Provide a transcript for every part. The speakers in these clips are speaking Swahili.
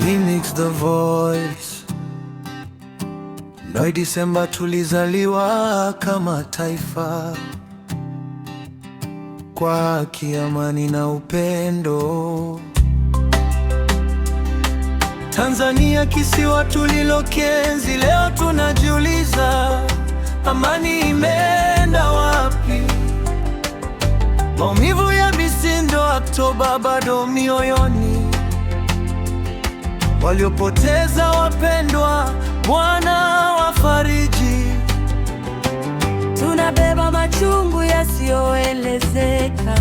Linux the voice. Noi Disemba tulizaliwa kama taifa kwa kiamani na upendo. Tanzania kisiwa tulilokenzi, leo tunajiuliza amani imeenda wapi? Maumivu ya misindo Oktoba bado mioyoni waliopoteza wapendwa, Bwana wafariji. Tunabeba machungu yasiyoelezeka,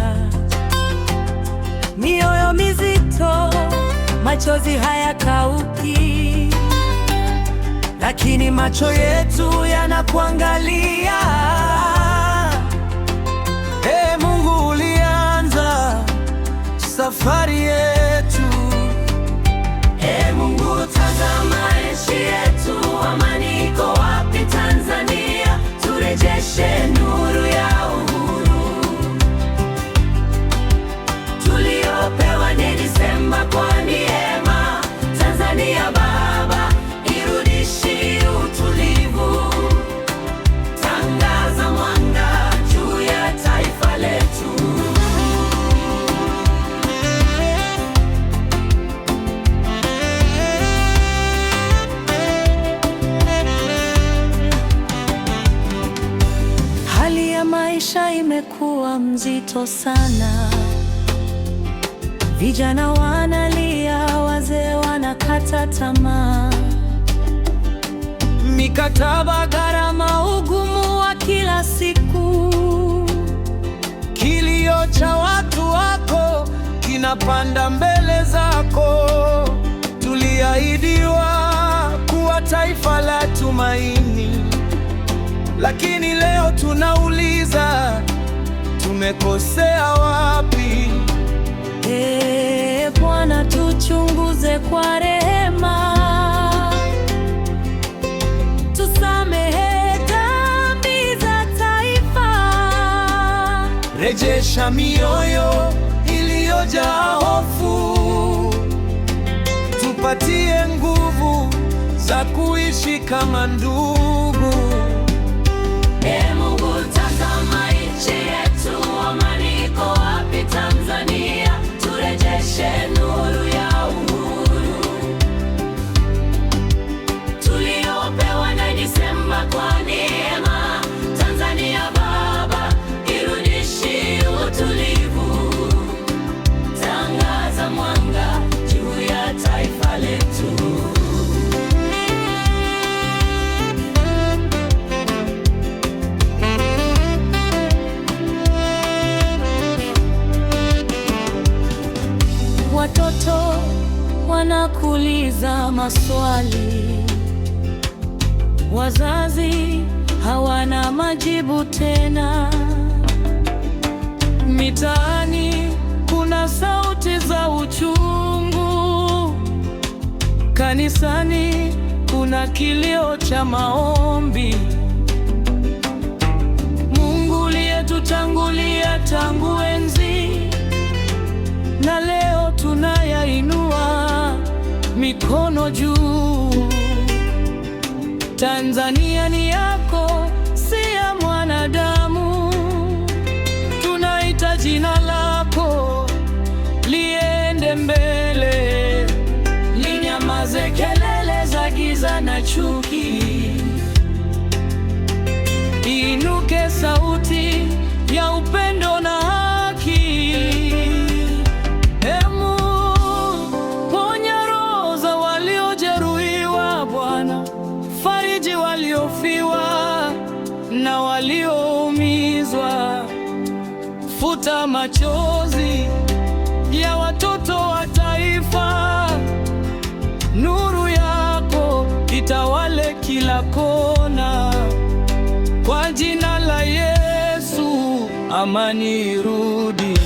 mioyo mizito, machozi hayakauki, lakini macho yetu yanakuangalia. Ee Mungu, ulianza safari yetu Send mzito sana, vijana wanalia, wazee wanakata tamaa. Mikataba, gharama, ugumu wa kila siku, kilio cha watu wako kinapanda mbele zako. Tuliahidiwa kuwa taifa la tumaini, lakini leo tuna tumekosea wapi? E, Bwana tuchunguze kwa rehema, tusamehe dhambi za taifa, rejesha mioyo iliyojaa hofu, tupatie nguvu za kuishi kama ndugu. E Mungu, tazama nchi kuuliza maswali, wazazi hawana majibu tena. Mitaani kuna sauti za uchungu, kanisani kuna kilio cha maombi. Mungu uliyetutangulia tangu mikono juu. Tanzania ni yako, si ya mwanadamu. Tunaita jina lako liende mbele, linyamaze kelele za giza na chuki, inuke sauti machozi ya watoto wa taifa. Nuru yako itawale kila kona, kwa jina la Yesu amani irudi.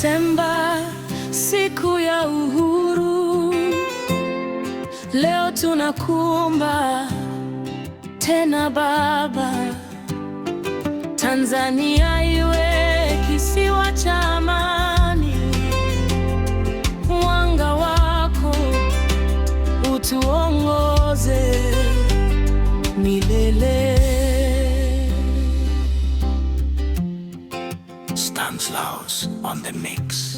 Desemba, siku ya uhuru, leo tunakuomba tena Baba, Tanzania iwe kisiwa cha amani. Stanislaus on the mix.